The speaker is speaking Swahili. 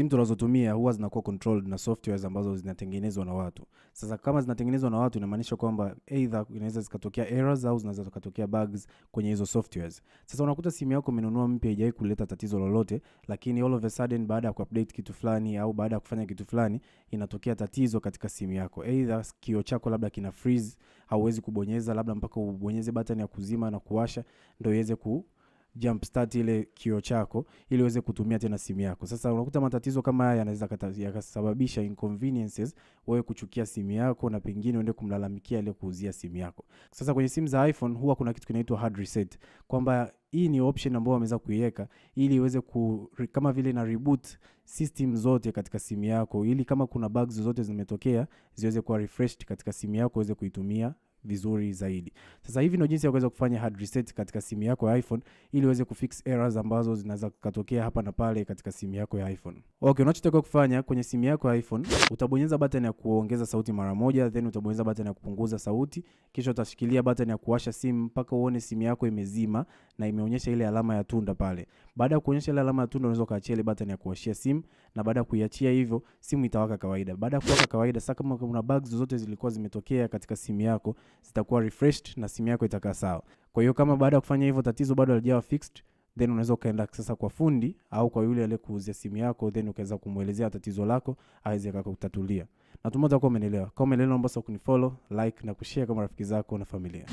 simu tunazotumia huwa zinakuwa controlled na softwares ambazo zinatengenezwa na watu. Sasa kama zinatengenezwa na watu, inamaanisha kwamba either inaweza zikatokea errors au zinaweza zikatokea bugs kwenye hizo softwares. Sasa unakuta simu yako umenunua mpya, haijawahi kuleta tatizo lolote, lakini all of a sudden baada ya kuupdate kitu fulani au baada ya kufanya kitu fulani, inatokea tatizo katika simu yako. Either kioo chako labda kina freeze, hauwezi kubonyeza, labda mpaka ubonyeze button ya kuzima na kuwasha ndio iweze ku jump start ile kio chako ili uweze kutumia tena simu yako. Sasa unakuta matatizo kama haya yanaweza yakasababisha inconveniences, wewe kuchukia simu yako na pengine uende kumlalamikia ile kuuzia simu yako. Sasa kwenye simu za iPhone huwa kuna kitu kinaitwa hard reset, kwamba hii ni option ambayo wameweza kuiweka ili iweze ku kama vile na reboot system zote katika simu yako, ili kama kuna bugs zote zimetokea ziweze kuwa refreshed katika simu yako uweze kuitumia vizuri zaidi. Sasa hivi ndio jinsi ya kuweza kufanya hard reset katika simu yako ya iPhone ili uweze kufix errors ambazo zinaweza kutokea hapa na pale katika simu yako ya iPhone. Okay, unachotakiwa kufanya kwenye simu yako ya iPhone utabonyeza button ya kuongeza sauti mara moja, then utabonyeza button ya kupunguza sauti, kisha utashikilia button ya kuwasha simu mpaka uone simu yako imezima na imeonyesha ile alama ya tunda pale. Baada ya kuonyesha ile alama ya tunda unaweza ukaachia ile button ya kuwashia simu na baada ya kuiachia hivyo simu itawaka kawaida. Baada ya kuwaka kawaida, sasa kama kuna bugs zozote zilikuwa zimetokea katika simu yako zitakuwa refreshed na simu yako itakaa sawa. Kwa hiyo kama baada ya kufanya hivyo tatizo bado halijawa fixed, then unaweza ukaenda sasa kwa fundi au kwa yule aliyekuuzia simu yako, then ukaweza kumwelezea tatizo lako aweze akakutatulia Natumai utakuwa umenielewa. Kama umenielewa, naomba kunifollow, like na kushare kama rafiki zako na familia.